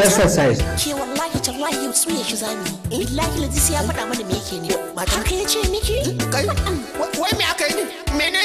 exercise ke wallahi tallahi sai ya faɗa mana me yake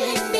Chase me.